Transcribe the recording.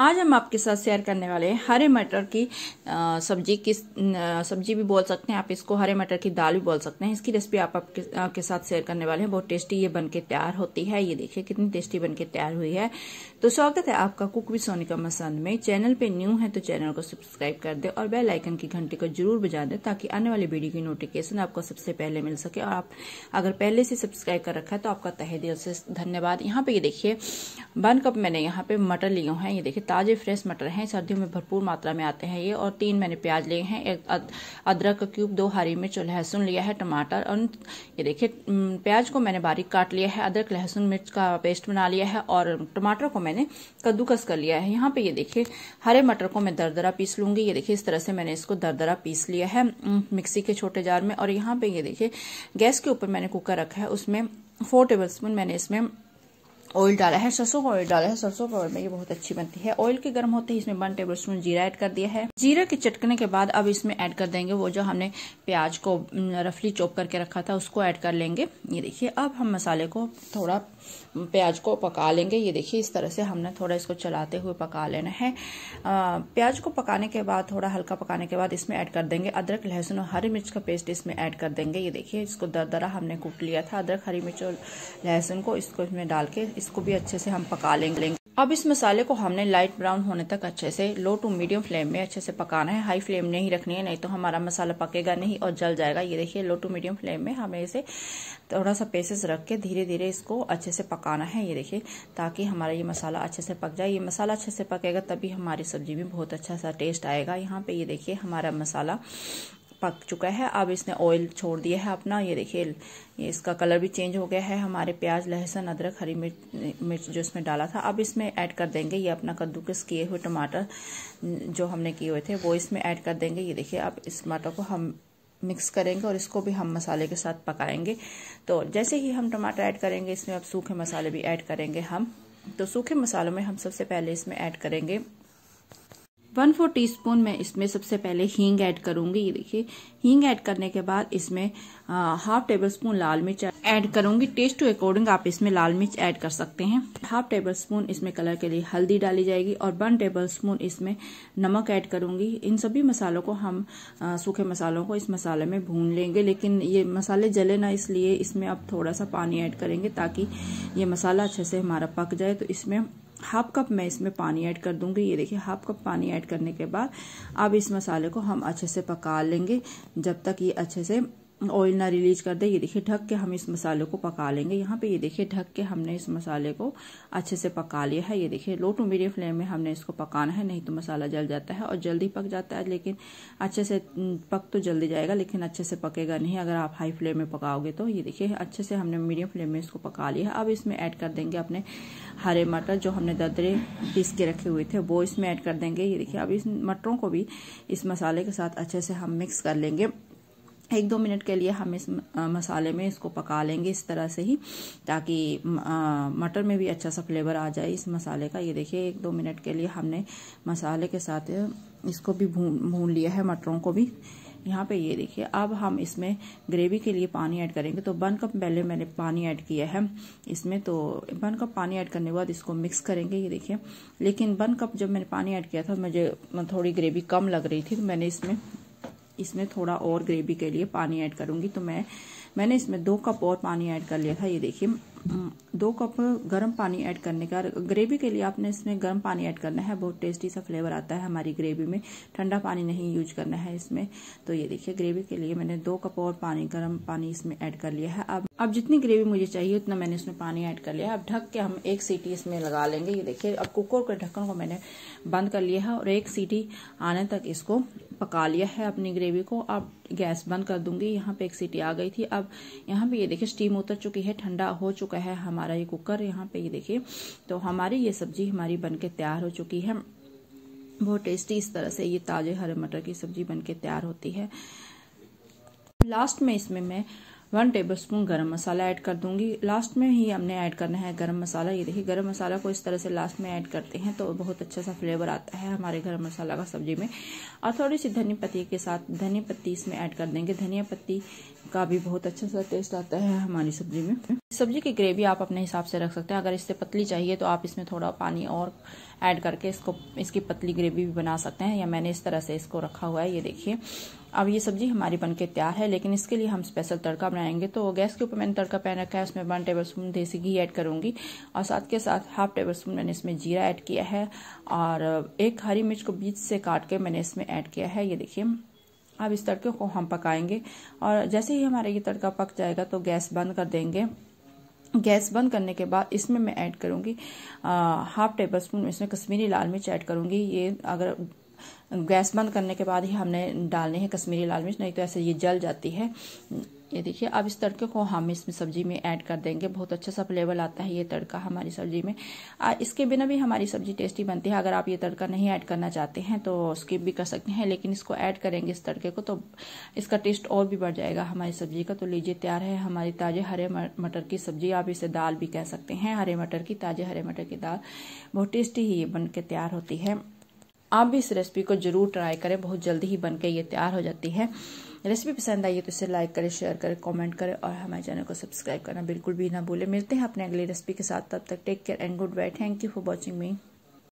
आज हम आपके साथ शेयर करने वाले हैं हरे मटर की सब्जी की सब्जी भी बोल सकते हैं आप इसको हरे मटर की दाल भी बोल सकते हैं इसकी रेसिपी आप आपके आपके साथ शेयर करने वाले हैं बहुत टेस्टी ये बनके तैयार होती है ये देखिए कितनी टेस्टी बनके तैयार हुई है तो स्वागत है आपका कुक भी सोनिका मसंद में चैनल पे न्यू है तो चैनल को सब्सक्राइब कर दे और बेल आइकन की घंटी को जरूर बजा दे ताकि आने वाली वीडियो की नोटिफिकेशन आपको सबसे पहले मिल सके और आप अगर पहले से सब्सक्राइब कर रखा है तो आपका तहे दिल से धन्यवाद यहाँ पे ये देखिए वन कप मैंने यहाँ पे मटर लिया है ये देखिए ताजे फ्रेश मटर हैं सर्दियों में भरपूर मात्रा में आते हैं ये और तीन मैंने प्याज लिए हैं एक अदरक का क्यूब दो हरी मिर्च और लहसुन लिया है टमाटर और ये देखिए प्याज को मैंने बारीक काट लिया है अदरक लहसुन मिर्च का पेस्ट बना लिया है और टमाटर को मैंने कद्दूकस कर लिया है यहाँ पे ये देखिए हरे मटर को मैं दरदरा पीस लूंगी ये देखिए इस तरह से मैंने इसको दरदरा पीस लिया है मिक्सी के छोटे जार में और यहाँ पे ये देखिए गैस के ऊपर मैंने कुकर रखा है उसमें फोर टेबल स्पून मैंने इसमें ऑयल डाला है सरसों का ऑयल डाला है सरसों का ऑयल में ये बहुत अच्छी बनती है ऑयल के गर्म होते ही इसमें वन टेबल स्पून जीरा ऐड कर दिया है जीरा के चटकने के बाद अब इसमें ऐड कर देंगे वो जो हमने प्याज को रफली चॉप करके रखा था उसको ऐड कर लेंगे ये देखिए अब हम मसाले को थोड़ा प्याज को पका लेंगे ये देखिए इस तरह से हमने थोड़ा इसको चलाते हुए पका लेना है प्याज को पकाने के बाद थोड़ा हल्का पकाने के बाद इसमें ऐड कर देंगे अदरक लहसुन और हरी मिर्च का पेस्ट इसमें ऐड कर देंगे ये देखिए इसको दरा हमने कूट लिया था अदरक हरी मिर्च और लहसुन को इसको इसमें डाल के इसको भी अच्छे से हम पका लेंगे अब इस मसाले को हमने लाइट ब्राउन होने तक अच्छे से लो टू मीडियम फ्लेम में अच्छे से पकाना है हाई फ्लेम नहीं रखनी है नहीं तो हमारा मसाला पकेगा नहीं और जल जाएगा ये देखिए लो टू मीडियम फ्लेम में हमें इसे थोड़ा सा पेसेस रख के धीरे धीरे इसको अच्छे से पकाना है ये देखिए ताकि हमारा ये मसाला अच्छे से पक जाए ये मसाला अच्छे से पकेगा तभी हमारी सब्जी में बहुत अच्छा सा टेस्ट आएगा यहाँ पे ये देखिए हमारा मसाला पक चुका है अब इसने ऑयल छोड़ दिया है अपना ये देखिए ये इसका कलर भी चेंज हो गया है हमारे प्याज लहसुन अदरक हरी मिर्च मिर्च जो इसमें डाला था अब इसमें ऐड कर देंगे ये अपना कद्दूकस किए हुए टमाटर जो हमने किए हुए थे वो इसमें ऐड कर देंगे ये देखिए अब इस टमाटर को हम मिक्स करेंगे और इसको भी हम मसाले के साथ पकाएंगे तो जैसे ही हम टमाटर ऐड करेंगे इसमें अब सूखे मसाले भी ऐड करेंगे हम तो सूखे मसालों में हम सबसे पहले इसमें ऐड करेंगे वन फोर टी स्पून मैं इसमें सबसे पहले हींग ऐड करूंगी ये देखिए हींग ऐड करने के बाद इसमें हाफ टेबल स्पून लाल मिर्च ऐड करूंगी टेस्ट टू अकॉर्डिंग आप इसमें लाल मिर्च ऐड कर सकते हैं हाफ टेबल स्पून इसमें कलर के लिए हल्दी डाली जाएगी और वन टेबल स्पून इसमें नमक ऐड करूंगी इन सभी मसालों को हम सूखे मसालों को इस मसाले में भून लेंगे लेकिन ये मसाले जले ना इसलिए इसमें अब थोड़ा सा पानी ऐड करेंगे ताकि ये मसाला अच्छे से हमारा पक जाए तो इसमें हाफ कप मैं इसमें पानी ऐड कर दूंगी ये देखिए हाफ कप पानी ऐड करने के बाद अब इस मसाले को हम अच्छे से पका लेंगे जब तक ये अच्छे से ऑयल ना रिलीज कर दे ये देखिए ढक के हम इस मसाले को पका लेंगे यहाँ पे ये देखिए ढक के हमने इस मसाले को अच्छे से पका लिया है ये देखिए लो टू मीडियम फ्लेम में हमने इसको पकाना है नहीं तो मसाला जल जाता है और जल्दी पक जाता है लेकिन अच्छे से पक तो जल्दी जाएगा लेकिन अच्छे से पकेगा नहीं अगर आप हाई फ्लेम में पकाओगे तो ये देखिए अच्छे से हमने मीडियम फ्लेम में इसको पका लिया है अब इसमें ऐड कर देंगे अपने हरे मटर जो हमने ददरे पीस के रखे हुए थे वो इसमें ऐड कर देंगे ये देखिए अब इस मटरों को भी इस मसाले के साथ अच्छे से हम मिक्स कर लेंगे एक दो मिनट के लिए हम इस मसाले में इसको पका लेंगे इस तरह से ही ताकि मटर में भी अच्छा सा फ्लेवर आ जाए इस मसाले का ये देखिए एक दो मिनट के लिए हमने मसाले के साथ इसको भी भून भून लिया है मटरों को भी यहाँ पे ये देखिए अब हम इसमें ग्रेवी के लिए पानी ऐड करेंगे तो वन कप पहले मैंने पानी ऐड किया है इसमें तो वन कप पानी ऐड करने के बाद इसको मिक्स करेंगे ये देखिए लेकिन वन कप जब मैंने पानी ऐड किया था मुझे थोड़ी ग्रेवी कम लग रही थी तो मैंने इसमें इसमें थोड़ा और ग्रेवी के लिए पानी ऐड करूंगी तो मैं मैंने इसमें दो कप और पानी ऐड कर लिया था ये देखिए दो कप गर्म पानी ऐड करने का ग्रेवी के लिए आपने इसमें गर्म पानी ऐड करना है बहुत टेस्टी सा फ्लेवर आता है हमारी ग्रेवी में ठंडा पानी नहीं यूज करना है इसमें तो ये देखिए ग्रेवी के लिए मैंने दो कप और पानी गर्म पानी इसमें ऐड कर लिया है अब अब जितनी ग्रेवी मुझे चाहिए उतना मैंने इसमें पानी ऐड कर लिया है अब ढक के हम एक सीटी इसमें लगा लेंगे ये देखिए अब कुकर के ढक्कन को मैंने बंद कर लिया है और एक सीटी आने तक इसको पका लिया है अपनी ग्रेवी को अब गैस बंद कर दूंगी यहाँ पे एक सीटी आ गई थी अब यहाँ पे ये देखिए स्टीम उतर चुकी है ठंडा हो चुका चुका है हमारा ये कुकर यहाँ पे ये देखिए तो हमारी ये सब्जी हमारी बन के तैयार हो चुकी है बहुत टेस्टी इस तरह से ये ताज़े हरे मटर की सब्जी बन के तैयार होती है लास्ट में इसमें मैं वन टेबल स्पून गर्म मसाला ऐड कर दूंगी लास्ट में ही हमने ऐड करना है गरम मसाला ये देखिए गरम मसाला को इस तरह से लास्ट में ऐड करते हैं तो बहुत अच्छा सा फ्लेवर आता है हमारे गरम मसाला का सब्जी में और थोड़ी सी धनी पत्ती के साथ धनी पत्ती इसमें ऐड कर देंगे धनिया पत्ती का भी बहुत अच्छा सा टेस्ट आता है हमारी सब्जी में सब्जी की ग्रेवी आप अपने हिसाब से रख सकते हैं अगर इससे पतली चाहिए तो आप इसमें थोड़ा पानी और ऐड करके इसको इसकी पतली ग्रेवी भी बना सकते हैं या मैंने इस तरह से इसको रखा हुआ है ये देखिए अब ये सब्जी हमारी बनके तैयार है लेकिन इसके लिए हम स्पेशल तड़का बनाएंगे तो गैस के ऊपर मैंने तड़का पैन रखा है उसमें वन टेबल स्पून देसी घी ऐड करूंगी और साथ के साथ हाफ टेबल स्पून मैंने इसमें जीरा ऐड किया है और एक हरी मिर्च को बीच से काट के मैंने इसमें ऐड किया है ये देखिए अब इस तड़के को हम पकाएंगे और जैसे ही हमारा ये तड़का पक जाएगा तो गैस बंद कर देंगे गैस बंद करने के बाद इसमें मैं ऐड करूंगी हाफ टेबल स्पून इसमें कश्मीरी लाल मिर्च ऐड करूंगी ये अगर गैस बंद करने के बाद ही हमने डालने हैं कश्मीरी लाल मिर्च नहीं तो ऐसे ये जल जाती है ये देखिए अब इस तड़के को हम इसमें सब्जी में ऐड कर देंगे बहुत अच्छा सा फ्लेवर आता है ये तड़का हमारी सब्जी में आ, इसके बिना भी हमारी सब्जी टेस्टी बनती है अगर आप ये तड़का नहीं ऐड करना चाहते हैं तो स्किप भी कर सकते हैं लेकिन इसको ऐड करेंगे इस तड़के को तो इसका टेस्ट और भी बढ़ जाएगा हमारी सब्जी का तो लीजिए तैयार है हमारी ताजे हरे मटर की सब्जी आप इसे दाल भी कह सकते हैं हरे मटर की ताजे हरे मटर की दाल बहुत टेस्टी ही बन के तैयार होती है आप भी इस रेसिपी को जरूर ट्राई करें बहुत जल्दी ही बनकर ये तैयार हो जाती है रेसिपी पसंद आई है तो इसे लाइक करें शेयर करें कमेंट करें और हमारे चैनल को सब्सक्राइब करना बिल्कुल भी ना भूलें मिलते हैं अपने अगली रेसिपी के साथ तब तक take care and good bye thank you for watching me